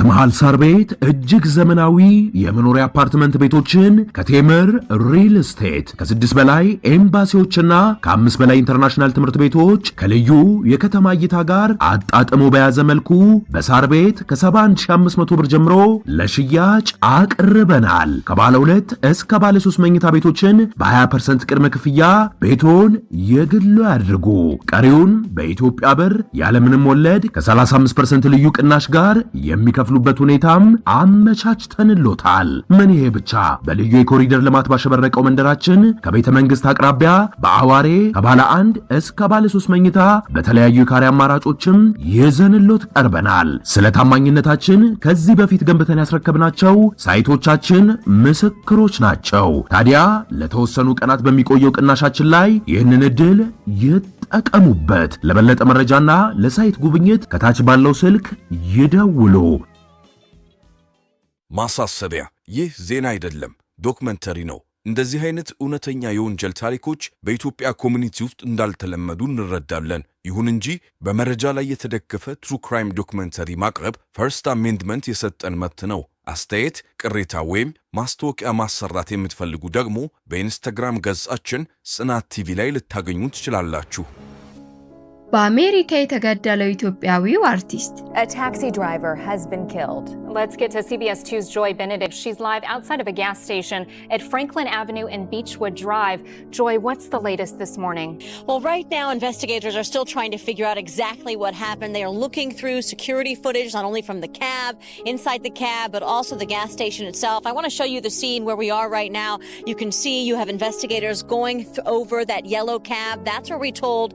በመሃል ሳር ቤት እጅግ ዘመናዊ የመኖሪያ አፓርትመንት ቤቶችን ከቴምር ሪል ስቴት ከስድስት በላይ ኤምባሲዎችና ከአምስት በላይ ኢንተርናሽናል ትምህርት ቤቶች ከልዩ የከተማ እይታ ጋር አጣጥሞ በያዘ መልኩ በሳር ቤት ከ71500 ብር ጀምሮ ለሽያጭ አቅርበናል። ከባለ ሁለት እስከ ባለ ሶስት መኝታ ቤቶችን በ20% ቅድመ ክፍያ ቤቶን የግሉ ያድርጉ። ቀሪውን በኢትዮጵያ ብር ያለምንም ወለድ ከ35% ልዩ ቅናሽ ጋር የሚከፍ የሚከፍሉበት ሁኔታም አመቻችተንሎታል። ምን ይሄ ብቻ በልዩ የኮሪደር ልማት ባሸበረቀው መንደራችን ከቤተ መንግስት አቅራቢያ በአዋሬ ከባለ አንድ እስከ ባለ ሶስት መኝታ በተለያዩ የካሬ አማራጮችም ይዘንሎት ቀርበናል። ስለ ታማኝነታችን ከዚህ በፊት ገንብተን ያስረከብናቸው ሳይቶቻችን ምስክሮች ናቸው። ታዲያ ለተወሰኑ ቀናት በሚቆየው ቅናሻችን ላይ ይህንን እድል ይጠቀሙበት። ለበለጠ መረጃና ለሳይት ጉብኝት ከታች ባለው ስልክ ይደውሉ። ማሳሰቢያ፣ ይህ ዜና አይደለም፣ ዶክመንተሪ ነው። እንደዚህ አይነት እውነተኛ የወንጀል ታሪኮች በኢትዮጵያ ኮሚኒቲ ውስጥ እንዳልተለመዱ እንረዳለን። ይሁን እንጂ በመረጃ ላይ የተደገፈ ትሩ ክራይም ዶክመንተሪ ማቅረብ ፈርስት አሜንድመንት የሰጠን መብት ነው። አስተያየት፣ ቅሬታ ወይም ማስታወቂያ ማሰራት የምትፈልጉ ደግሞ በኢንስታግራም ገጻችን ጽናት ቲቪ ላይ ልታገኙ ትችላላችሁ። በአሜሪካ የተገደለው ኢትዮጵያዊው አርቲስት A taxi driver has been killed. Let's get to CBS 2's Joy Benedict. She's live outside of a gas station at Franklin Avenue and Beechwood Drive. Joy, what's the latest this morning? Well, right now, investigators are still trying to figure out exactly what happened. They are looking through security footage, not only from the cab, inside the cab, but also the gas station itself. I want to show you the scene where we are right now. You can see you have investigators going over that yellow cab. That's where we told.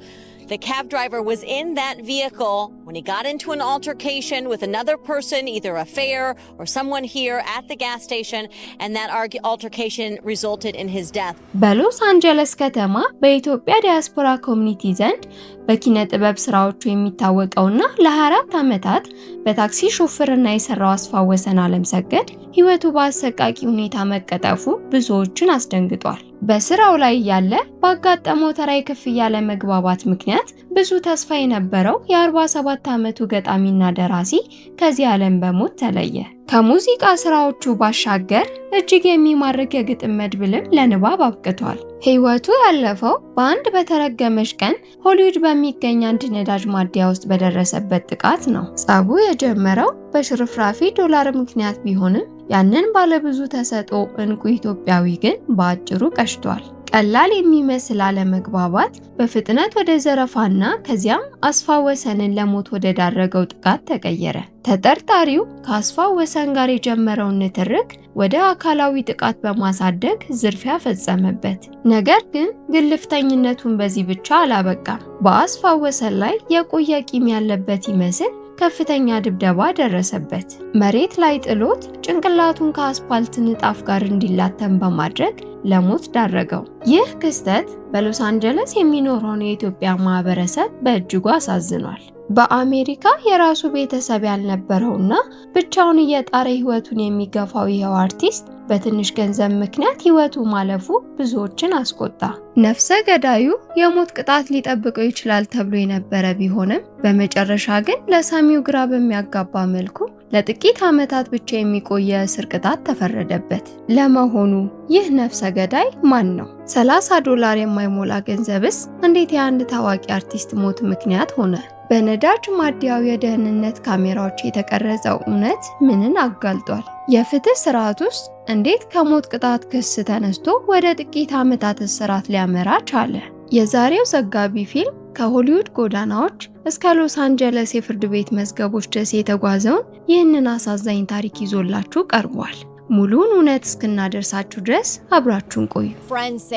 The cab driver was in that vehicle when he got into an altercation with another person, either a fare or someone here at the gas station, and that altercation resulted in his death. በሎስ አንጀለስ ከተማ በኢትዮጵያ ዲያስፖራ ኮሚኒቲ ዘንድ በኪነ ጥበብ ስራዎቹ የሚታወቀውና ለ24 ዓመታት በታክሲ ሾፌርና የሰራው አስፋወሰን አለምሰገድ ህይወቱ በአሰቃቂ ሁኔታ መቀጠፉ ብዙዎችን አስደንግጧል። በስራው ላይ እያለ ባጋጠመው ተራ የክፍያ ለመግባባት ምክንያት ብዙ ተስፋ የነበረው የ47 የ27 ዓመቱ ገጣሚና ደራሲ ከዚህ ዓለም በሞት ተለየ። ከሙዚቃ ስራዎቹ ባሻገር እጅግ የሚማርክ የግጥም መድብልም ለንባብ አብቅቷል። ህይወቱ ያለፈው በአንድ በተረገመች ቀን ሆሊውድ በሚገኝ አንድ ነዳጅ ማደያ ውስጥ በደረሰበት ጥቃት ነው። ጸቡ የጀመረው በሽርፍራፊ ዶላር ምክንያት ቢሆንም ያንን ባለብዙ ተሰጥኦ እንቁ ኢትዮጵያዊ ግን በአጭሩ ቀሽቷል። ቀላል የሚመስል አለመግባባት በፍጥነት ወደ ዘረፋና ከዚያም አስፋ ወሰንን ለሞት ወደ ዳረገው ጥቃት ተቀየረ። ተጠርጣሪው ከአስፋ ወሰን ጋር የጀመረውን ንትርክ ወደ አካላዊ ጥቃት በማሳደግ ዝርፊያ ፈጸመበት። ነገር ግን ግልፍተኝነቱን በዚህ ብቻ አላበቃም። በአስፋ ወሰን ላይ የቆየ ቂም ያለበት ይመስል ከፍተኛ ድብደባ ደረሰበት። መሬት ላይ ጥሎት ጭንቅላቱን ከአስፓልት ንጣፍ ጋር እንዲላተም በማድረግ ለሞት ዳረገው። ይህ ክስተት በሎስ አንጀለስ የሚኖረውን የኢትዮጵያ ማህበረሰብ በእጅጉ አሳዝኗል። በአሜሪካ የራሱ ቤተሰብ ያልነበረውና ብቻውን እየጣረ ህይወቱን የሚገፋው ይኸው አርቲስት በትንሽ ገንዘብ ምክንያት ሕይወቱ ማለፉ ብዙዎችን አስቆጣ። ነፍሰ ገዳዩ የሞት ቅጣት ሊጠብቀው ይችላል ተብሎ የነበረ ቢሆንም በመጨረሻ ግን ለሰሚው ግራ በሚያጋባ መልኩ ለጥቂት ዓመታት ብቻ የሚቆይ የእስር ቅጣት ተፈረደበት። ለመሆኑ ይህ ነፍሰ ገዳይ ማን ነው? 30 ዶላር የማይሞላ ገንዘብስ እንዴት የአንድ ታዋቂ አርቲስት ሞት ምክንያት ሆነ? በነዳጅ ማደያው የደህንነት ካሜራዎች የተቀረጸው እውነት ምንን አጋልጧል? የፍትህ ስርዓት ውስጥ እንዴት ከሞት ቅጣት ክስ ተነስቶ ወደ ጥቂት ዓመታት እስራት ሊያመራ ቻለ? የዛሬው ዘጋቢ ፊልም ከሆሊውድ ጎዳናዎች እስከ ሎስ አንጀለስ የፍርድ ቤት መዝገቦች ድረስ የተጓዘውን ይህንን አሳዛኝ ታሪክ ይዞላችሁ ቀርቧል። Friends say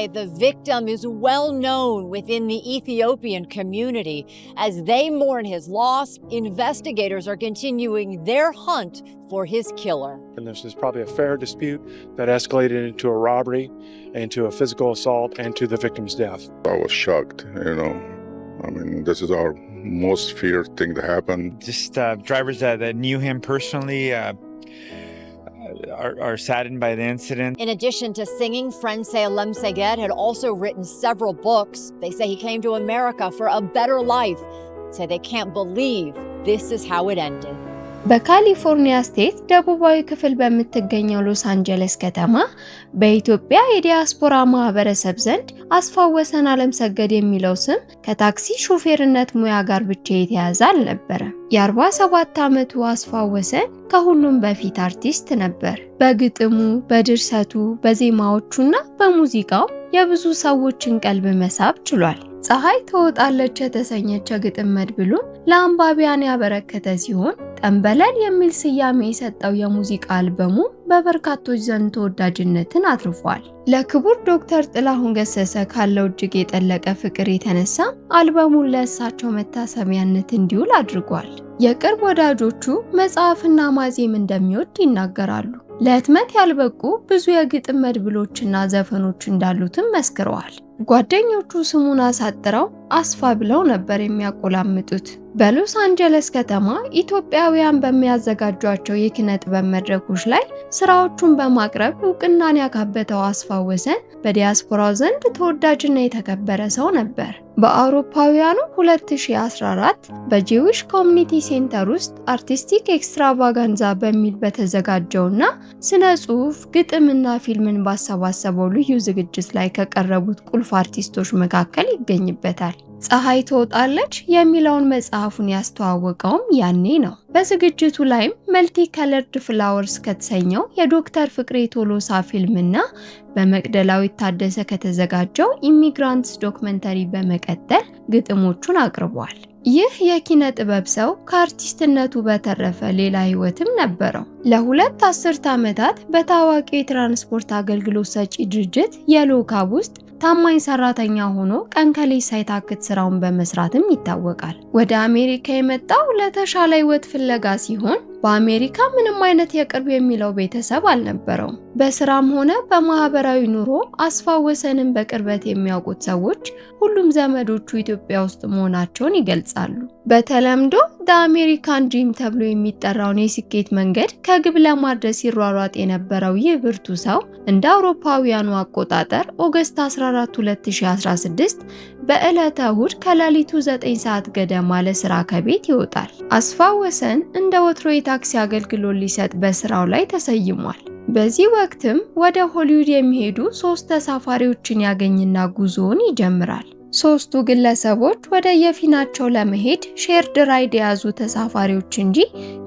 the victim is well known within the Ethiopian community. As they mourn his loss, investigators are continuing their hunt for his killer. And this is probably a fair dispute that escalated into a robbery, into a physical assault, and to the victim's death. I was shocked, you know. I mean, this is our most feared thing to happen. Just uh, drivers that, that knew him personally. Uh, are, are saddened by the incident. In addition to singing, Frensei Lemseged had also written several books. They say he came to America for a better life. Say they can't believe this is how it ended. በካሊፎርኒያ ስቴት ደቡባዊ ክፍል በምትገኘው ሎስ አንጀለስ ከተማ በኢትዮጵያ የዲያስፖራ ማህበረሰብ ዘንድ አስፋወሰን አለም ሰገድ የሚለው ስም ከታክሲ ሾፌርነት ሙያ ጋር ብቻ የተያዘ አልነበረም። የ47 ዓመቱ አስፋወሰን ከሁሉም በፊት አርቲስት ነበር። በግጥሙ፣ በድርሰቱ፣ በዜማዎቹና በሙዚቃው የብዙ ሰዎችን ቀልብ መሳብ ችሏል። ፀሐይ ትወጣለች የተሰኘች ግጥም መድብሉን ለአንባቢያን ያበረከተ ሲሆን ጠንበለል የሚል ስያሜ የሰጠው የሙዚቃ አልበሙ በበርካቶች ዘንድ ተወዳጅነትን አትርፏል። ለክቡር ዶክተር ጥላሁን ገሰሰ ካለው እጅግ የጠለቀ ፍቅር የተነሳ አልበሙን ለእሳቸው መታሰቢያነት እንዲውል አድርጓል። የቅርብ ወዳጆቹ መጽሐፍና ማዜም እንደሚወድ ይናገራሉ። ለህትመት ያልበቁ ብዙ የግጥም መድብሎችና ዘፈኖች እንዳሉትም መስክረዋል። ጓደኞቹ ስሙን አሳጥረው አስፋ ብለው ነበር የሚያቆላምጡት። በሎስ አንጀለስ ከተማ ኢትዮጵያውያን በሚያዘጋጇቸው የኪነ ጥበብ መድረኮች ላይ ስራዎቹን በማቅረብ እውቅናን ያካበተው አስፋ ወሰን በዲያስፖራው ዘንድ ተወዳጅና የተከበረ ሰው ነበር። በአውሮፓውያኑ 2014 በጄዊሽ ኮሚኒቲ ሴንተር ውስጥ አርቲስቲክ ኤክስትራቫጋንዛ በሚል በተዘጋጀውና ስነ ጽሑፍ፣ ግጥምና ፊልምን ባሰባሰበው ልዩ ዝግጅት ላይ ከቀረቡት ቁልፍ አርቲስቶች መካከል ይገኝበታል። ፀሐይ ትወጣለች የሚለውን መጽሐፉን ያስተዋወቀውም ያኔ ነው። በዝግጅቱ ላይም መልቲ ከለርድ ፍላወርስ ከተሰኘው የዶክተር ፍቅሬ ቶሎሳ ፊልምና በመቅደላዊ ታደሰ ከተዘጋጀው ኢሚግራንትስ ዶክመንተሪ በመቀጠል ግጥሞቹን አቅርቧል። ይህ የኪነ ጥበብ ሰው ከአርቲስትነቱ በተረፈ ሌላ ህይወትም ነበረው። ለሁለት አስርት ዓመታት በታዋቂው የትራንስፖርት አገልግሎት ሰጪ ድርጅት የሎካብ ውስጥ ታማኝ ሰራተኛ ሆኖ ቀን ከሌት ሳይታክት ስራውን በመስራትም ይታወቃል። ወደ አሜሪካ የመጣው ለተሻለ ህይወት ፍለጋ ሲሆን በአሜሪካ ምንም አይነት የቅርብ የሚለው ቤተሰብ አልነበረውም። በስራም ሆነ በማህበራዊ ኑሮ አስፋ ወሰንን በቅርበት የሚያውቁት ሰዎች ሁሉም ዘመዶቹ ኢትዮጵያ ውስጥ መሆናቸውን ይገልጻሉ። በተለምዶ በአሜሪካን ድሪም ተብሎ የሚጠራውን የስኬት መንገድ ከግብ ለማድረስ ሲሯሯጥ የነበረው ይህ ብርቱ ሰው እንደ አውሮፓውያኑ አቆጣጠር ኦገስት 14 2016 በዕለተ እሁድ ከሌሊቱ 9 ሰዓት ገደማ ለስራ ከቤት ይወጣል። አስፋ ወሰን እንደ ወትሮ የታክሲ አገልግሎት ሊሰጥ በስራው ላይ ተሰይሟል። በዚህ ወቅትም ወደ ሆሊውድ የሚሄዱ ሶስት ተሳፋሪዎችን ያገኝና ጉዞውን ይጀምራል። ሶስቱ ግለሰቦች ወደ የፊናቸው ለመሄድ ሼርድ ራይድ የያዙ ተሳፋሪዎች እንጂ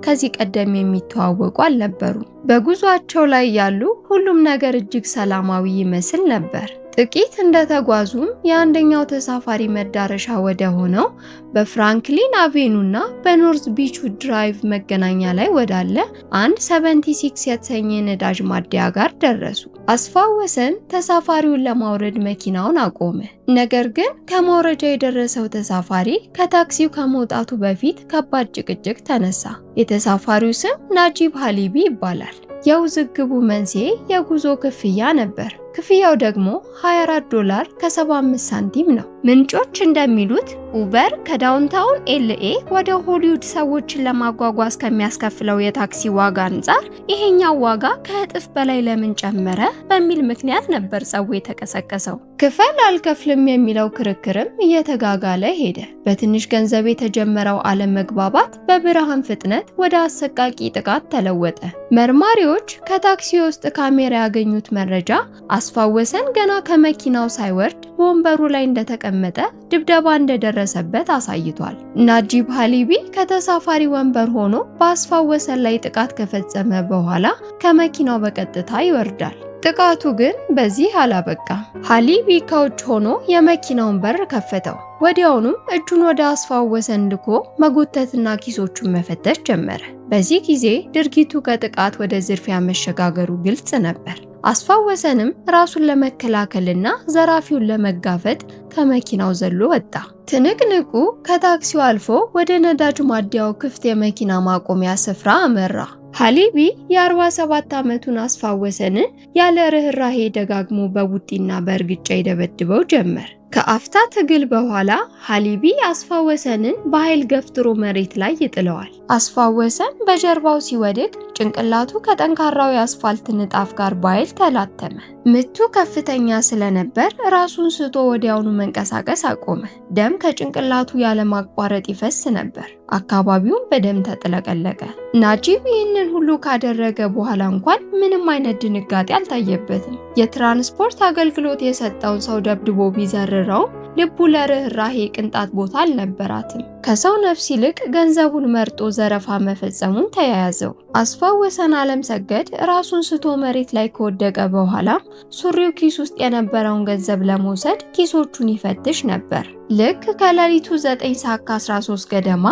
ከዚህ ቀደም የሚተዋወቁ አልነበሩም። በጉዟቸው ላይ ያሉ ሁሉም ነገር እጅግ ሰላማዊ ይመስል ነበር። ጥቂት እንደተጓዙም የአንደኛው ተሳፋሪ መዳረሻ ወደ ሆነው በፍራንክሊን አቬኑና በኖርዝ ቢቹ ድራይቭ መገናኛ ላይ ወዳለ አንድ 76 የተሰኘ ነዳጅ ማደያ ጋር ደረሱ። አስፋወሰን ተሳፋሪውን ለማውረድ መኪናውን አቆመ። ነገር ግን ከማውረጃ የደረሰው ተሳፋሪ ከታክሲው ከመውጣቱ በፊት ከባድ ጭቅጭቅ ተነሳ። የተሳፋሪው ስም ናጂብ ሀሊቢ ይባላል። የውዝግቡ መንስኤ የጉዞ ክፍያ ነበር። ክፍያው ደግሞ 24 ዶላር ከ75 ሳንቲም ነው። ምንጮች እንደሚሉት ኡበር ከዳውንታውን ኤልኤ ወደ ሆሊውድ ሰዎችን ለማጓጓዝ ከሚያስከፍለው የታክሲ ዋጋ አንጻር ይሄኛው ዋጋ ከእጥፍ በላይ ለምን ጨመረ በሚል ምክንያት ነበር ጸቡ የተቀሰቀሰው። ክፈል አልከፍልም የሚለው ክርክርም እየተጋጋለ ሄደ። በትንሽ ገንዘብ የተጀመረው አለመግባባት በብርሃን ፍጥነት ወደ አሰቃቂ ጥቃት ተለወጠ። መርማሪዎች ከታክሲ ውስጥ ካሜራ ያገኙት መረጃ አስፋወሰን ገና ከመኪናው ሳይወርድ በወንበሩ ላይ እንደተቀመጠ ድብደባ እንደደረሰበት አሳይቷል። ናጂብ ሀሊቢ ከተሳፋሪ ወንበር ሆኖ በአስፋወሰን ላይ ጥቃት ከፈጸመ በኋላ ከመኪናው በቀጥታ ይወርዳል። ጥቃቱ ግን በዚህ አላበቃም። ሀሊቢ ከውጭ ሆኖ የመኪናውን በር ከፈተው። ወዲያውኑም እጁን ወደ አስፋወሰን ልኮ መጎተትና ኪሶቹን መፈተሽ ጀመረ። በዚህ ጊዜ ድርጊቱ ከጥቃት ወደ ዝርፊያ መሸጋገሩ ግልጽ ነበር። አስፋወሰንም ራሱን ለመከላከልና ዘራፊውን ለመጋፈጥ ከመኪናው ዘሎ ወጣ። ትንቅንቁ ከታክሲው አልፎ ወደ ነዳጅ ማደያው ክፍት የመኪና ማቆሚያ ስፍራ አመራ። ሀሊቢ የ47 ዓመቱን አስፋወሰንን ያለ ርኅራሄ ደጋግሞ በቡጢና በእርግጫ ይደበድበው ጀመር። ከአፍታ ትግል በኋላ ሀሊቢ አስፋ ወሰንን በኃይል ገፍትሮ መሬት ላይ ይጥለዋል። አስፋወሰን በጀርባው ሲወድቅ ጭንቅላቱ ከጠንካራው የአስፋልት ንጣፍ ጋር በኃይል ተላተመ። ምቱ ከፍተኛ ስለነበር ራሱን ስቶ ወዲያውኑ መንቀሳቀስ አቆመ። ደም ከጭንቅላቱ ያለማቋረጥ ይፈስ ነበር። አካባቢውን በደም ተጥለቀለቀ። ናጂብ ይህንን ሁሉ ካደረገ በኋላ እንኳን ምንም አይነት ድንጋጤ አልታየበትም። የትራንስፖርት አገልግሎት የሰጠውን ሰው ደብድቦ ቢዘርረውም ልቡ ለርኅራሄ ቅንጣት ቦታ አልነበራትም። ከሰው ነፍስ ይልቅ ገንዘቡን መርጦ ዘረፋ መፈጸሙን ተያያዘው። አስፋው ወሰን አለም ሰገድ ራሱን ስቶ መሬት ላይ ከወደቀ በኋላ ሱሪው ኪስ ውስጥ የነበረውን ገንዘብ ለመውሰድ ኪሶቹን ይፈትሽ ነበር። ልክ ከሌሊቱ 9 ሰዓት ከ13 ገደማ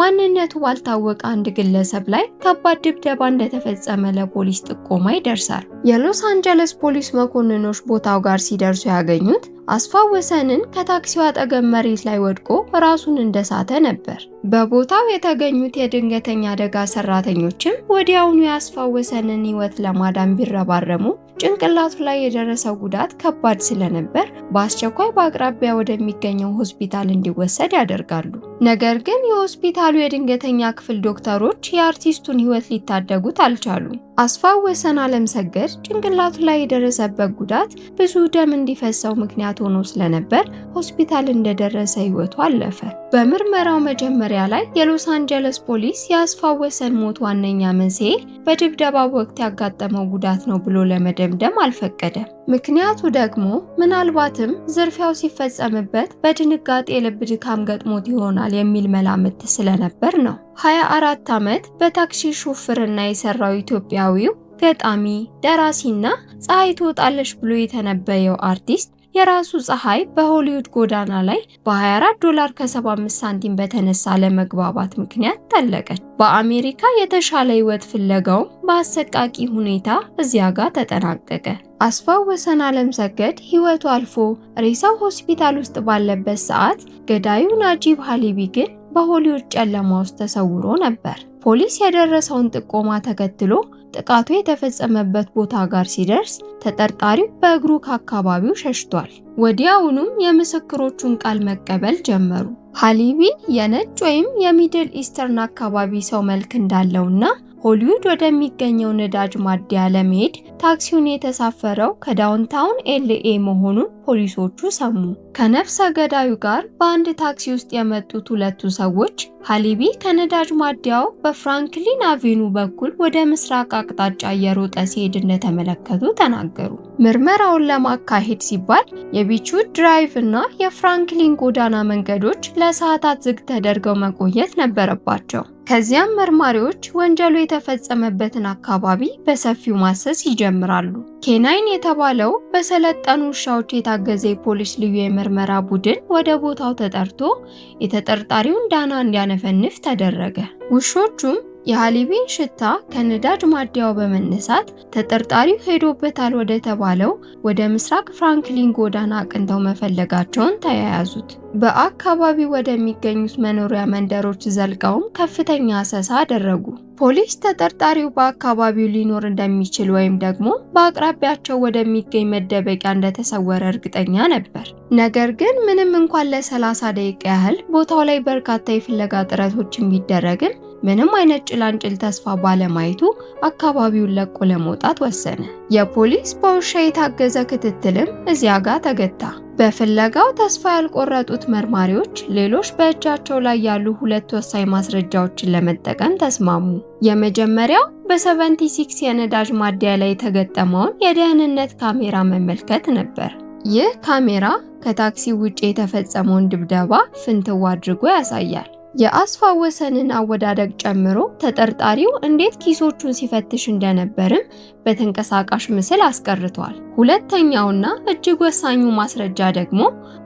ማንነቱ ባልታወቀ አንድ ግለሰብ ላይ ከባድ ድብደባ እንደተፈጸመ ለፖሊስ ጥቆማ ይደርሳል። የሎስ አንጀለስ ፖሊስ መኮንኖች ቦታው ጋር ሲደርሱ ያገኙት አስፋወሰንን ከታክሲው አጠገብ መሬት ላይ ወድቆ ራሱን እንደሳተ ነበር። በቦታው የተገኙት የድንገተኛ አደጋ ሰራተኞችም ወዲያውኑ የአስፋወሰንን ህይወት ለማዳን ቢረባረሙ ጭንቅላቱ ላይ የደረሰው ጉዳት ከባድ ስለነበር በአስቸኳይ በአቅራቢያ ወደሚገኘው ሆስፒታል እንዲወሰድ ያደርጋሉ። ነገር ግን የሆስፒታሉ የድንገተኛ ክፍል ዶክተሮች የአርቲስቱን ህይወት ሊታደጉት አልቻሉም። አስፋው ወሰን ሰገድ ጭንቅላቱ ላይ የደረሰበት ጉዳት ብዙ ደም እንዲፈሰው ምክንያት ሆኖ ስለነበር ሆስፒታል እንደደረሰ ህይወቱ አለፈ። በምርመራው መጀመሪያ ላይ የሎስ አንጀለስ ፖሊስ የአስፋው ወሰን ሞት ዋነኛ መንስኤ በድብደባ ወቅት ያጋጠመው ጉዳት ነው ብሎ ለመደምደም አልፈቀደም። ምክንያቱ ደግሞ ምናልባትም ዝርፊያው ሲፈጸምበት በድንጋጤ የልብ ድካም ገጥሞት ይሆናል የሚል መላምት ስለነበር ነው። 24 ዓመት በታክሲ ሹፍርና የሰራው ኢትዮጵያዊው ገጣሚ፣ ደራሲና ፀሐይ ትወጣለች ብሎ የተነበየው አርቲስት የራሱ ፀሐይ በሆሊውድ ጎዳና ላይ በ24 ዶላር ከ75 ሳንቲም በተነሳ ለመግባባት ምክንያት ጠለቀች። በአሜሪካ የተሻለ ህይወት ፍለጋውም በአሰቃቂ ሁኔታ እዚያ ጋር ተጠናቀቀ። አስፋው ወሰን አለም ሰገድ ህይወቱ አልፎ ሬሳው ሆስፒታል ውስጥ ባለበት ሰዓት ገዳዩ ናጂብ ሀሊቢ ግን በሆሊውድ ጨለማ ውስጥ ተሰውሮ ነበር። ፖሊስ የደረሰውን ጥቆማ ተከትሎ ጥቃቱ የተፈጸመበት ቦታ ጋር ሲደርስ ተጠርጣሪው በእግሩ ከአካባቢው ሸሽቷል። ወዲያውኑም የምስክሮቹን ቃል መቀበል ጀመሩ። ሃሊቢ የነጭ ወይም የሚድል ኢስተርን አካባቢ ሰው መልክ እንዳለውና ሆሊውድ ወደሚገኘው ነዳጅ ማደያ ለመሄድ ታክሲውን የተሳፈረው ከዳውንታውን ኤልኤ መሆኑን ፖሊሶቹ ሰሙ። ከነፍሰ ገዳዩ ጋር በአንድ ታክሲ ውስጥ የመጡት ሁለቱ ሰዎች ሀሊቢ ከነዳጅ ማደያው በፍራንክሊን አቬኑ በኩል ወደ ምስራቅ አቅጣጫ እየሮጠ ሲሄድ እንደተመለከቱ ተናገሩ። ምርመራውን ለማካሄድ ሲባል የቢቹ ድራይቭ እና የፍራንክሊን ጎዳና መንገዶች ለሰዓታት ዝግ ተደርገው መቆየት ነበረባቸው። ከዚያም መርማሪዎች ወንጀሉ የተፈጸመበትን አካባቢ በሰፊው ማሰስ ይጀምራሉ። ኬናይን የተባለው በሰለጠኑ ውሻዎች የታገዘ የፖሊስ ልዩ የምርመራ ቡድን ወደ ቦታው ተጠርቶ የተጠርጣሪውን ዳና እንዲያነፈንፍ ተደረገ። ውሾቹም የሃሊቢን ሽታ ከነዳጅ ማደያው በመነሳት ተጠርጣሪው ሄዶበታል ወደ ተባለው ወደ ምስራቅ ፍራንክሊን ጎዳና አቅንተው መፈለጋቸውን ተያያዙት። በአካባቢው ወደሚገኙት መኖሪያ መንደሮች ዘልቀውም ከፍተኛ አሰሳ አደረጉ። ፖሊስ ተጠርጣሪው በአካባቢው ሊኖር እንደሚችል ወይም ደግሞ በአቅራቢያቸው ወደሚገኝ መደበቂያ እንደተሰወረ እርግጠኛ ነበር። ነገር ግን ምንም እንኳን ለ30 ደቂቃ ያህል ቦታው ላይ በርካታ የፍለጋ ጥረቶችን ቢደረግም ምንም አይነት ጭላንጭል ተስፋ ባለማየቱ አካባቢውን ለቆ ለመውጣት ወሰነ። የፖሊስ በውሻ የታገዘ ክትትልም እዚያ ጋር ተገታ። በፍለጋው ተስፋ ያልቆረጡት መርማሪዎች ሌሎች በእጃቸው ላይ ያሉ ሁለት ወሳኝ ማስረጃዎችን ለመጠቀም ተስማሙ። የመጀመሪያው በ76 የነዳጅ ማደያ ላይ የተገጠመውን የደህንነት ካሜራ መመልከት ነበር። ይህ ካሜራ ከታክሲ ውጪ የተፈጸመውን ድብደባ ፍንትው አድርጎ ያሳያል። የአስፋ ወሰንን አወዳደቅ ጨምሮ ተጠርጣሪው እንዴት ኪሶቹን ሲፈትሽ እንደነበርም በተንቀሳቃሽ ምስል አስቀርቷል። ሁለተኛውና እጅግ ወሳኙ ማስረጃ ደግሞ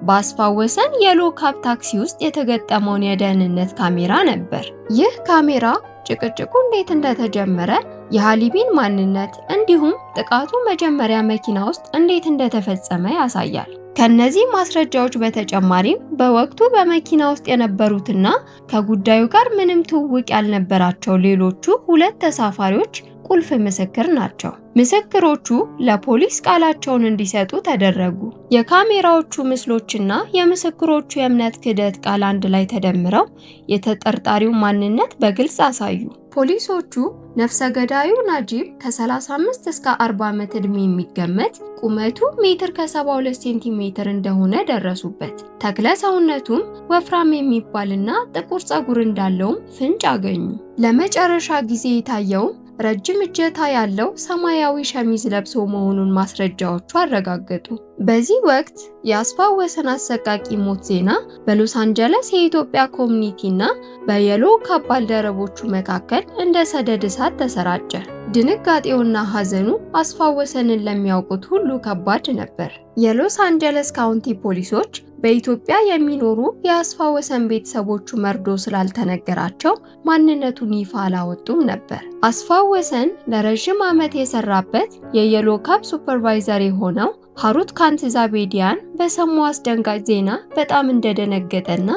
በአስፋ ወሰን የሎካፕ ታክሲ ውስጥ የተገጠመውን የደህንነት ካሜራ ነበር። ይህ ካሜራ ጭቅጭቁ እንዴት እንደተጀመረ የሃሊቢን ማንነት እንዲሁም ጥቃቱ መጀመሪያ መኪና ውስጥ እንዴት እንደተፈጸመ ያሳያል። ከነዚህ ማስረጃዎች በተጨማሪም በወቅቱ በመኪና ውስጥ የነበሩትና ከጉዳዩ ጋር ምንም ትውውቅ ያልነበራቸው ሌሎቹ ሁለት ተሳፋሪዎች ቁልፍ ምስክር ናቸው። ምስክሮቹ ለፖሊስ ቃላቸውን እንዲሰጡ ተደረጉ። የካሜራዎቹ ምስሎችና የምስክሮቹ የእምነት ክህደት ቃል አንድ ላይ ተደምረው የተጠርጣሪው ማንነት በግልጽ አሳዩ። ፖሊሶቹ ነፍሰ ገዳዩ ናጂብ ከ35 እስከ 40 ዓመት ዕድሜ የሚገመት ቁመቱ ሜትር ከ72 ሴንቲሜትር እንደሆነ ደረሱበት። ተክለ ሰውነቱም ወፍራም የሚባልና ጥቁር ፀጉር እንዳለውም ፍንጭ አገኙ። ለመጨረሻ ጊዜ የታየውም ረጅም እጀታ ያለው ሰማያዊ ሸሚዝ ለብሶ መሆኑን ማስረጃዎቹ አረጋገጡ። በዚህ ወቅት የአስፋ ወሰን አሰቃቂ ሞት ዜና በሎስ አንጀለስ የኢትዮጵያ ኮሚኒቲ እና በየሎ ካፕ ባልደረቦቹ መካከል እንደ ሰደድ እሳት ተሰራጨ። ድንጋጤውና ሐዘኑ አስፋወሰንን ለሚያውቁት ሁሉ ከባድ ነበር። የሎስ አንጀለስ ካውንቲ ፖሊሶች በኢትዮጵያ የሚኖሩ የአስፋወሰን ቤተሰቦቹ መርዶ ስላልተነገራቸው ማንነቱን ይፋ አላወጡም ነበር። አስፋወሰን ለረዥም ዓመት የሰራበት የየሎ ካብ ሱፐርቫይዘር የሆነው ሀሩት ካንትዛቤዲያን በሰሙ አስደንጋጭ ዜና በጣም እንደደነገጠና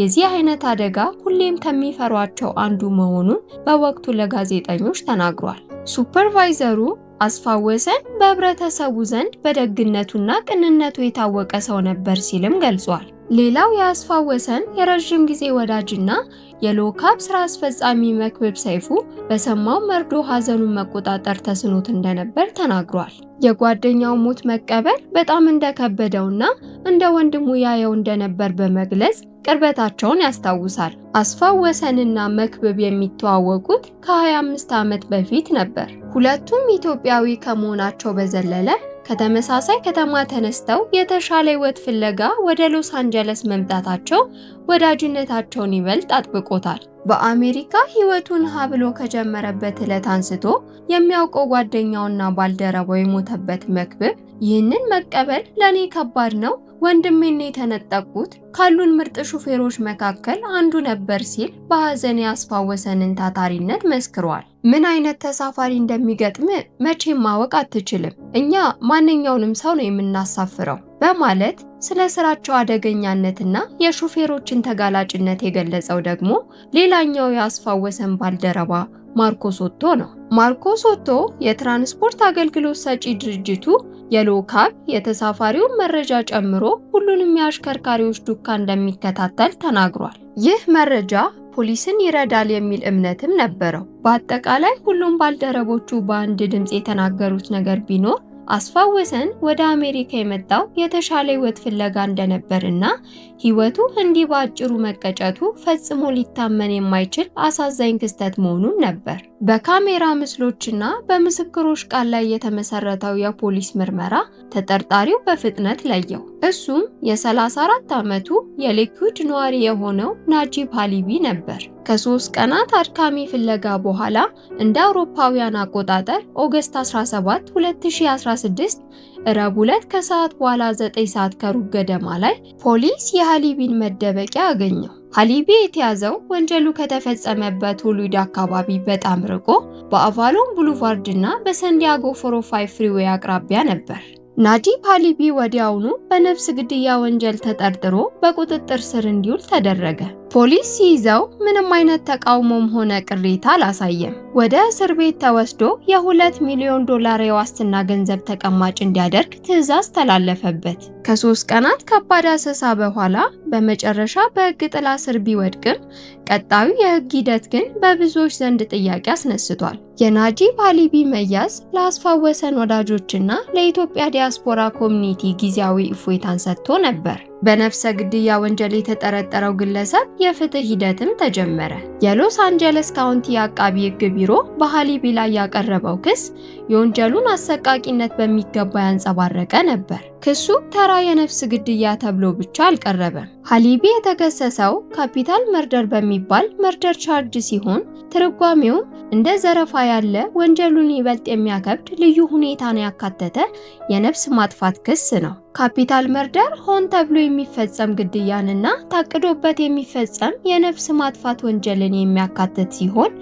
የዚህ አይነት አደጋ ሁሌም ከሚፈሯቸው አንዱ መሆኑን በወቅቱ ለጋዜጠኞች ተናግሯል። ሱፐርቫይዘሩ አስፋወሰን በህብረተሰቡ ዘንድ በደግነቱና ቅንነቱ የታወቀ ሰው ነበር ሲልም ገልጿል። ሌላው ያስፋወሰን የረዥም ጊዜ ወዳጅና የሎካብ ስራ አስፈጻሚ መክብብ ሰይፉ በሰማው መርዶ ሀዘኑን መቆጣጠር ተስኖት እንደነበር ተናግሯል። የጓደኛው ሞት መቀበል በጣም እንደከበደውና እንደ ወንድሙ ያየው እንደነበር በመግለጽ ቅርበታቸውን ያስታውሳል። አስፋወሰንና መክብብ የሚተዋወቁት ከ25 ዓመት በፊት ነበር። ሁለቱም ኢትዮጵያዊ ከመሆናቸው በዘለለ ከተመሳሳይ ከተማ ተነስተው የተሻለ ህይወት ፍለጋ ወደ ሎስ አንጀለስ መምጣታቸው ወዳጅነታቸውን ይበልጥ አጥብቆታል። በአሜሪካ ህይወቱን ሀብሎ ከጀመረበት ዕለት አንስቶ የሚያውቀው ጓደኛውና ባልደረባው የሞተበት መክብብ ይህንን መቀበል ለእኔ ከባድ ነው ወንድሜን የተነጠቁት ካሉን ምርጥ ሹፌሮች መካከል አንዱ ነበር ሲል በሐዘን ያስፋወሰንን ታታሪነት መስክሯል። ምን አይነት ተሳፋሪ እንደሚገጥም መቼም ማወቅ አትችልም፣ እኛ ማንኛውንም ሰው ነው የምናሳፍረው በማለት ስለ ስራቸው አደገኛነትና የሹፌሮችን ተጋላጭነት የገለጸው ደግሞ ሌላኛው የአስፋወሰን ባልደረባ ማርኮስ ኦቶ ነው። ማርኮስ ኦቶ የትራንስፖርት አገልግሎት ሰጪ ድርጅቱ የሎካል የተሳፋሪውን መረጃ ጨምሮ ሁሉንም የአሽከርካሪዎች ዱካ እንደሚከታተል ተናግሯል። ይህ መረጃ ፖሊስን ይረዳል የሚል እምነትም ነበረው። በአጠቃላይ ሁሉም ባልደረቦቹ በአንድ ድምፅ የተናገሩት ነገር ቢኖር አስፋወሰን ወደ አሜሪካ የመጣው የተሻለ ህይወት ፍለጋ እንደነበር እና ህይወቱ እንዲህ በአጭሩ መቀጨቱ ፈጽሞ ሊታመን የማይችል አሳዛኝ ክስተት መሆኑን ነበር። በካሜራ ምስሎችና በምስክሮች ቃል ላይ የተመሰረተው የፖሊስ ምርመራ ተጠርጣሪው በፍጥነት ለየው። እሱም የ34 ዓመቱ የሌኩድ ነዋሪ የሆነው ናጂብ ሃሊቢ ነበር። ከሶስት ቀናት አድካሚ ፍለጋ በኋላ እንደ አውሮፓውያን አቆጣጠር ኦገስት 17 2016 ረቡዕ ዕለት ከሰዓት በኋላ 9 ሰዓት ከሩብ ገደማ ላይ ፖሊስ የሃሊቢን መደበቂያ አገኘው። ሀሊቢ የተያዘው ወንጀሉ ከተፈጸመበት ሆሊውድ አካባቢ በጣም ርቆ በአቫሎን ቡሉቫርድ እና በሰንዲያጎ ፎሮፋይ ፍሪዌይ አቅራቢያ ነበር። ናጂብ ሀሊቢ ወዲያውኑ በነፍስ ግድያ ወንጀል ተጠርጥሮ በቁጥጥር ስር እንዲውል ተደረገ። ፖሊስ ሲይዘው ምንም አይነት ተቃውሞም ሆነ ቅሬታ አላሳየም። ወደ እስር ቤት ተወስዶ የሁለት ሚሊዮን ዶላር የዋስትና ገንዘብ ተቀማጭ እንዲያደርግ ትዕዛዝ ተላለፈበት። ከሶስት ቀናት ከባድ አሰሳ በኋላ በመጨረሻ በሕግ ጥላ ስር ቢወድቅም ቀጣዩ የሕግ ሂደት ግን በብዙዎች ዘንድ ጥያቄ አስነስቷል። የናጂብ ሀሊቢ መያዝ ለአስፋወሰን ወዳጆችና ለኢትዮጵያ ዲያስፖራ ኮሚኒቲ ጊዜያዊ እፎይታን ሰጥቶ ነበር። በነፍሰ ግድያ ወንጀል የተጠረጠረው ግለሰብ የፍትህ ሂደትም ተጀመረ። የሎስ አንጀለስ ካውንቲ አቃቢ ህግ ቢሮ በሃሊቢ ላይ ያቀረበው ክስ የወንጀሉን አሰቃቂነት በሚገባ ያንጸባረቀ ነበር። ክሱ ተራ የነፍስ ግድያ ተብሎ ብቻ አልቀረበም። ሀሊቢ የተከሰሰው ካፒታል መርደር በሚባል መርደር ቻርጅ ሲሆን ትርጓሜውም እንደ ዘረፋ ያለ ወንጀሉን ይበልጥ የሚያከብድ ልዩ ሁኔታን ያካተተ የነፍስ ማጥፋት ክስ ነው። ካፒታል መርደር ሆን ተብሎ የሚፈጸም ግድያንና ታቅዶበት የሚፈጸም የነፍስ ማጥፋት ወንጀልን የሚያካትት ሲሆን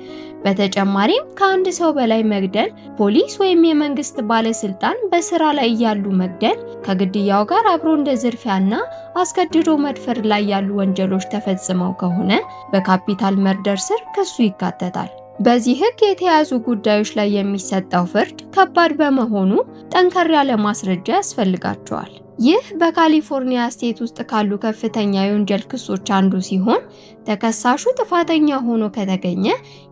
በተጨማሪም ከአንድ ሰው በላይ መግደል፣ ፖሊስ ወይም የመንግስት ባለስልጣን በስራ ላይ እያሉ መግደል ከግድያው ጋር አብሮ እንደ ዝርፊያና አስገድዶ መድፈር ላይ ያሉ ወንጀሎች ተፈጽመው ከሆነ በካፒታል መርደር ስር ክሱ ይካተታል። በዚህ ህግ የተያዙ ጉዳዮች ላይ የሚሰጠው ፍርድ ከባድ በመሆኑ ጠንከር ያለ ማስረጃ ያስፈልጋቸዋል። ይህ በካሊፎርኒያ ስቴት ውስጥ ካሉ ከፍተኛ የወንጀል ክሶች አንዱ ሲሆን ተከሳሹ ጥፋተኛ ሆኖ ከተገኘ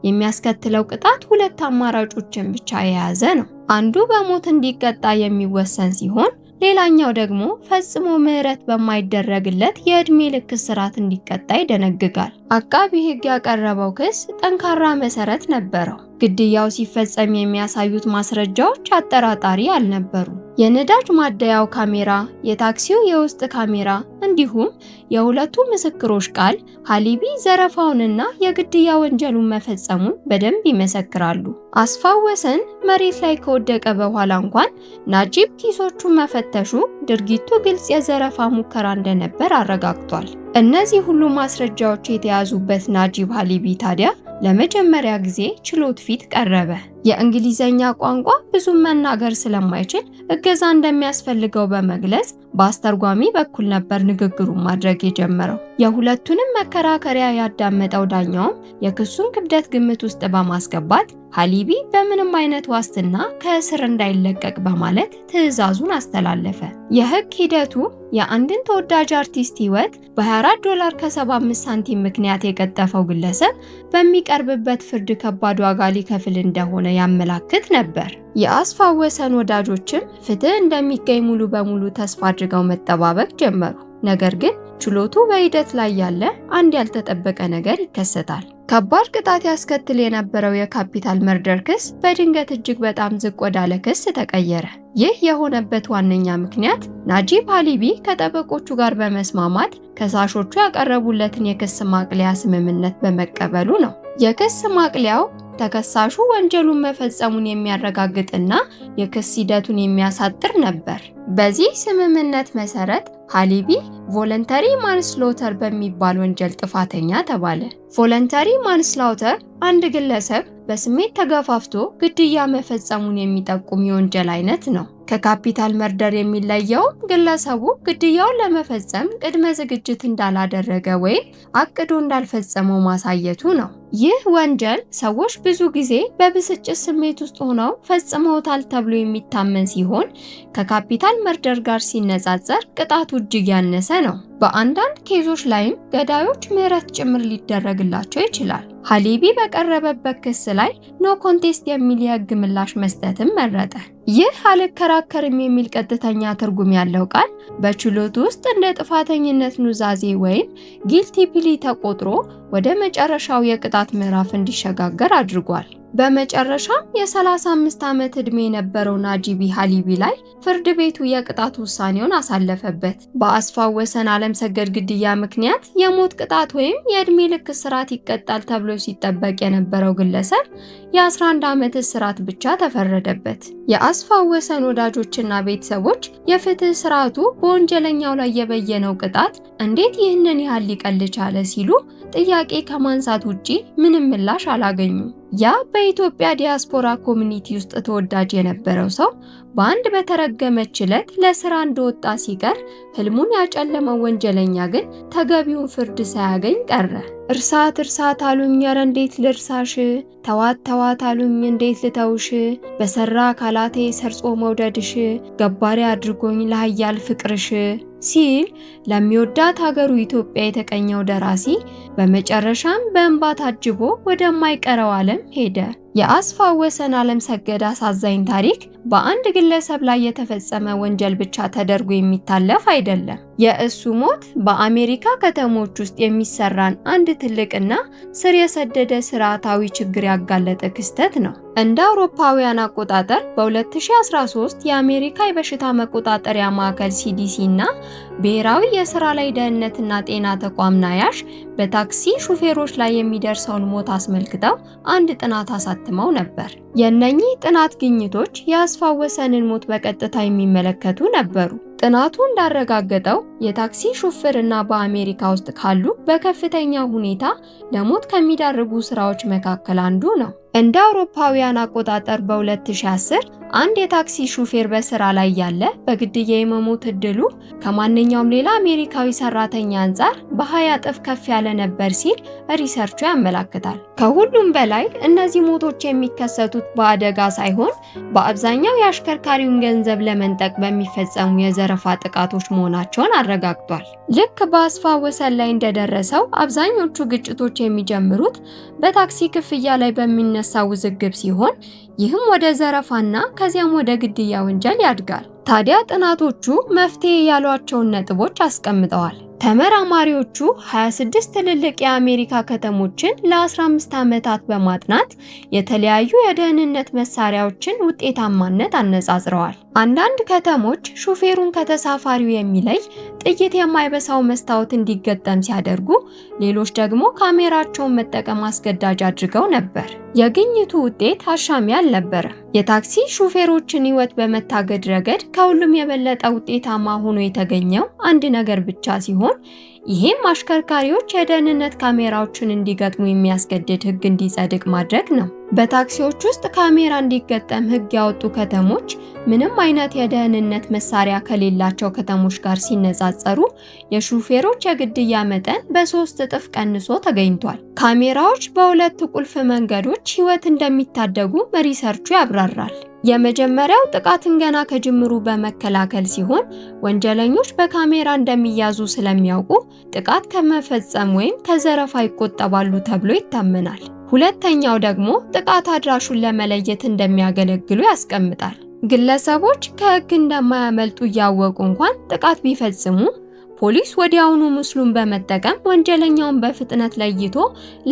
የሚያስከትለው ቅጣት ሁለት አማራጮችን ብቻ የያዘ ነው። አንዱ በሞት እንዲቀጣ የሚወሰን ሲሆን ሌላኛው ደግሞ ፈጽሞ ምህረት በማይደረግለት የዕድሜ ልክ እስራት እንዲቀጣ ይደነግጋል። አቃቢ ሕግ ያቀረበው ክስ ጠንካራ መሰረት ነበረው። ግድያው ሲፈጸም የሚያሳዩት ማስረጃዎች አጠራጣሪ አልነበሩ። የነዳጅ ማደያው ካሜራ፣ የታክሲው የውስጥ ካሜራ፣ እንዲሁም የሁለቱ ምስክሮች ቃል ሀሊቢ ዘረፋውንና የግድያ ወንጀሉን መፈጸሙን በደንብ ይመሰክራሉ። አስፋወሰን መሬት ላይ ከወደቀ በኋላ እንኳን ናጂብ ኪሶቹን መፈተሹ ድርጊቱ ግልጽ የዘረፋ ሙከራ እንደነበር አረጋግጧል። እነዚህ ሁሉ ማስረጃዎች የተያዙበት ናጂብ ሀሊቢ ታዲያ ለመጀመሪያ ጊዜ ችሎት ፊት ቀረበ። የእንግሊዘኛ ቋንቋ ብዙም መናገር ስለማይችል እገዛ እንደሚያስፈልገው በመግለጽ በአስተርጓሚ በኩል ነበር ንግግሩን ማድረግ የጀመረው። የሁለቱንም መከራከሪያ ያዳመጠው ዳኛውም የክሱን ክብደት ግምት ውስጥ በማስገባት ሀሊቢ በምንም አይነት ዋስትና ከእስር እንዳይለቀቅ በማለት ትዕዛዙን አስተላለፈ። የህግ ሂደቱ የአንድን ተወዳጅ አርቲስት ህይወት በ24 ዶላር ከ75 ሳንቲም ምክንያት የቀጠፈው ግለሰብ በሚቀርብበት ፍርድ ከባድ ዋጋ ሊከፍል እንደሆነ ያመላክት ነበር። የአስፋ ወሰን ወዳጆችም ፍትህ እንደሚገኝ ሙሉ በሙሉ ተስፋ አድርገው መጠባበቅ ጀመሩ። ነገር ግን ችሎቱ በሂደት ላይ ያለ አንድ ያልተጠበቀ ነገር ይከሰታል። ከባድ ቅጣት ያስከትል የነበረው የካፒታል መርደር ክስ በድንገት እጅግ በጣም ዝቅ ወዳለ ክስ ተቀየረ። ይህ የሆነበት ዋነኛ ምክንያት ናጂብ ሀሊቢ ከጠበቆቹ ጋር በመስማማት ከሳሾቹ ያቀረቡለትን የክስ ማቅለያ ስምምነት በመቀበሉ ነው። የክስ ማቅለያው ተከሳሹ ወንጀሉን መፈጸሙን የሚያረጋግጥና የክስ ሂደቱን የሚያሳጥር ነበር። በዚህ ስምምነት መሰረት ሃሊቢ ቮለንተሪ ማንስሎተር በሚባል ወንጀል ጥፋተኛ ተባለ። ቮለንተሪ ማንስላውተር አንድ ግለሰብ በስሜት ተገፋፍቶ ግድያ መፈጸሙን የሚጠቁም የወንጀል አይነት ነው። ከካፒታል መርደር የሚለየው ግለሰቡ ግድያውን ለመፈጸም ቅድመ ዝግጅት እንዳላደረገ ወይም አቅዶ እንዳልፈጸመው ማሳየቱ ነው። ይህ ወንጀል ሰዎች ብዙ ጊዜ በብስጭት ስሜት ውስጥ ሆነው ፈጽመውታል ተብሎ የሚታመን ሲሆን ከካፒታል መርደር ጋር ሲነጻጸር ቅጣቱ እጅግ ያነሰ ነው። በአንዳንድ ኬዞች ላይም ገዳዮች ምህረት ጭምር ሊደረግላቸው ይችላል። ሀሊቢ በቀረበበት ክስ ላይ ኖ ኮንቴስት የሚል የህግ ምላሽ መስጠትም መረጠ። ይህ አልከራከርም የሚል ቀጥተኛ ትርጉም ያለው ቃል በችሎት ውስጥ እንደ ጥፋተኝነት ኑዛዜ ወይም ጊልቲ ፕሊ ተቆጥሮ ወደ መጨረሻው የቅጣት ምዕራፍ እንዲሸጋገር አድርጓል። በመጨረሻም የ35 ዓመት ዕድሜ የነበረው ናጂቢ ሀሊቢ ላይ ፍርድ ቤቱ የቅጣት ውሳኔውን አሳለፈበት። በአስፋው ወሰን ዓለም ሰገድ ግድያ ምክንያት የሞት ቅጣት ወይም የዕድሜ ልክ እስራት ይቀጣል ተብሎ ሲጠበቅ የነበረው ግለሰብ የ11 ዓመት እስራት ብቻ ተፈረደበት። የአስፋው ወሰን ወዳጆችና ቤተሰቦች የፍትህ ስርዓቱ በወንጀለኛው ላይ የበየነው ቅጣት እንዴት ይህንን ያህል ሊቀል ቻለ ሲሉ ጥያቄ ከማንሳት ውጪ ምንም ምላሽ አላገኙም። ያ በኢትዮጵያ ዲያስፖራ ኮሚኒቲ ውስጥ ተወዳጅ የነበረው ሰው በአንድ በተረገመች ዕለት ለስራ እንደወጣ ሲቀር ህልሙን ያጨለመው ወንጀለኛ ግን ተገቢውን ፍርድ ሳያገኝ ቀረ። እርሳት እርሳት አሉኝ ኧረ እንዴት ልርሳሽ፣ ተዋት ተዋት አሉኝ እንዴት ልተውሽ፣ በሰራ አካላቴ ሰርጾ መውደድሽ ገባሪ አድርጎኝ ለሀያል ፍቅርሽ ሲል ለሚወዳት ሀገሩ ኢትዮጵያ የተቀኘው ደራሲ በመጨረሻም በእንባ ታጅቦ ወደማይቀረው ዓለም ሄደ። የአስፋ ወሰን ሰገድ አሳዛኝ ታሪክ በአንድ ግለሰብ ላይ የተፈጸመ ወንጀል ብቻ ተደርጎ የሚታለፍ አይደለም። የእሱ ሞት በአሜሪካ ከተሞች ውስጥ የሚሰራን አንድ ትልቅና ስር የሰደደ ስርዓታዊ ችግር ያጋለጠ ክስተት ነው። እንደ አውሮፓውያን አቆጣጠር በ2013 የአሜሪካ የበሽታ መቆጣጠሪያ ማዕከል ሲዲሲ እና ብሔራዊ የስራ ላይ ደህንነትና ጤና ተቋም ናያሽ በታክሲ ሹፌሮች ላይ የሚደርሰውን ሞት አስመልክተው አንድ ጥናት አሳትመው ነበር። የእነኚህ ጥናት ግኝቶች የአስፋወሰንን ሞት በቀጥታ የሚመለከቱ ነበሩ። ጥናቱ እንዳረጋገጠው የታክሲ ሹፍርና በአሜሪካ ውስጥ ካሉ በከፍተኛ ሁኔታ ለሞት ከሚዳርጉ ስራዎች መካከል አንዱ ነው። እንደ አውሮፓውያን አቆጣጠር በ2010 አንድ የታክሲ ሹፌር በስራ ላይ ያለ በግድያ የመሞት እድሉ ከማንኛውም ሌላ አሜሪካዊ ሰራተኛ አንጻር በሀያ እጥፍ ከፍ ያለ ነበር ሲል ሪሰርቹ ያመላክታል። ከሁሉም በላይ እነዚህ ሞቶች የሚከሰቱት በአደጋ ሳይሆን በአብዛኛው የአሽከርካሪውን ገንዘብ ለመንጠቅ በሚፈጸሙ የዘረፋ ጥቃቶች መሆናቸውን አረጋግጧል። ልክ በአስፋ ወሰን ላይ እንደደረሰው አብዛኞቹ ግጭቶች የሚጀምሩት በታክሲ ክፍያ ላይ በሚነሳ ውዝግብ ሲሆን ይህም ወደ ዘረፋና ከዚያም ወደ ግድያ ወንጀል ያድጋል። ታዲያ ጥናቶቹ መፍትሄ ያሏቸውን ነጥቦች አስቀምጠዋል። ተመራማሪዎቹ 26 ትልልቅ የአሜሪካ ከተሞችን ለ15 ዓመታት በማጥናት የተለያዩ የደህንነት መሳሪያዎችን ውጤታማነት አነጻጽረዋል። አንዳንድ ከተሞች ሹፌሩን ከተሳፋሪው የሚለይ ጥይት የማይበሳው መስታወት እንዲገጠም ሲያደርጉ፣ ሌሎች ደግሞ ካሜራቸውን መጠቀም አስገዳጅ አድርገው ነበር። የግኝቱ ውጤት አሻሚ አልነበረም። የታክሲ ሾፌሮችን ህይወት በመታገድ ረገድ ከሁሉም የበለጠ ውጤታማ ሆኖ የተገኘው አንድ ነገር ብቻ ሲሆን ይህም አሽከርካሪዎች የደህንነት ካሜራዎችን እንዲገጥሙ የሚያስገድድ ህግ እንዲጸድቅ ማድረግ ነው። በታክሲዎች ውስጥ ካሜራ እንዲገጠም ህግ ያወጡ ከተሞች ምንም አይነት የደህንነት መሳሪያ ከሌላቸው ከተሞች ጋር ሲነጻጸሩ የሹፌሮች የግድያ መጠን በሶስት እጥፍ ቀንሶ ተገኝቷል። ካሜራዎች በሁለት ቁልፍ መንገዶች ህይወት እንደሚታደጉ ሪሰርቹ ያብራራል። የመጀመሪያው ጥቃትን ገና ከጅምሩ በመከላከል ሲሆን ወንጀለኞች በካሜራ እንደሚያዙ ስለሚያውቁ ጥቃት ከመፈጸም ወይም ከዘረፋ ይቆጠባሉ ተብሎ ይታመናል። ሁለተኛው ደግሞ ጥቃት አድራሹን ለመለየት እንደሚያገለግሉ ያስቀምጣል። ግለሰቦች ከሕግ እንደማያመልጡ እያወቁ እንኳን ጥቃት ቢፈጽሙ ፖሊስ ወዲያውኑ ምስሉን በመጠቀም ወንጀለኛውን በፍጥነት ለይቶ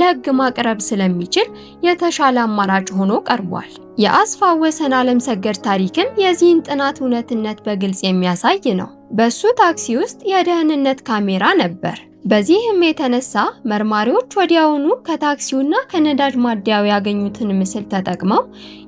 ለህግ ማቅረብ ስለሚችል የተሻለ አማራጭ ሆኖ ቀርቧል። የአስፋ ወሰን ዓለም ሰገድ ታሪክም የዚህን ጥናት እውነትነት በግልጽ የሚያሳይ ነው። በሱ ታክሲ ውስጥ የደህንነት ካሜራ ነበር። በዚህም የተነሳ መርማሪዎች ወዲያውኑ ከታክሲውና ከነዳጅ ማደያው ያገኙትን ምስል ተጠቅመው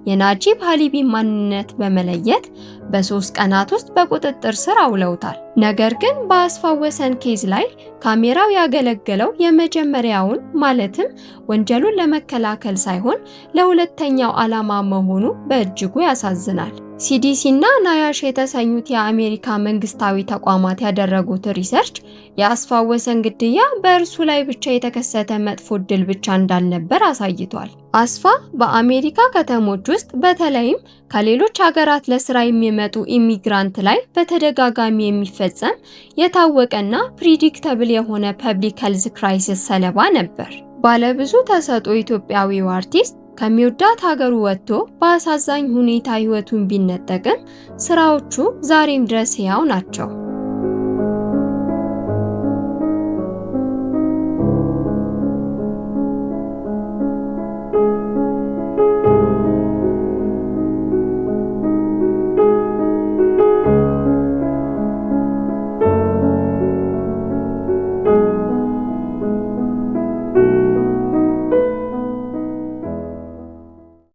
የናጂብ ሀሊቢ ማንነት በመለየት በሶስት ቀናት ውስጥ በቁጥጥር ስር አውለውታል። ነገር ግን በአስፋወሰን ኬዝ ላይ ካሜራው ያገለገለው የመጀመሪያውን ማለትም ወንጀሉን ለመከላከል ሳይሆን ለሁለተኛው ዓላማ መሆኑ በእጅጉ ያሳዝናል። ሲዲሲ እና ናያሽ የተሰኙት የአሜሪካ መንግስታዊ ተቋማት ያደረጉት ሪሰርች የአስፋ ወሰን ግድያ በእርሱ ላይ ብቻ የተከሰተ መጥፎ እድል ብቻ እንዳልነበር አሳይቷል። አስፋ በአሜሪካ ከተሞች ውስጥ በተለይም ከሌሎች ሀገራት ለስራ የሚመጡ ኢሚግራንት ላይ በተደጋጋሚ የሚፈጸም የታወቀና ፕሪዲክተብል የሆነ ፐብሊክ ሄልዝ ክራይሲስ ሰለባ ነበር። ባለብዙ ተሰጥኦ ኢትዮጵያዊው አርቲስት ከሚወዳት ሀገሩ ወጥቶ በአሳዛኝ ሁኔታ ህይወቱን ቢነጠቅም ስራዎቹ ዛሬም ድረስ ያው ናቸው።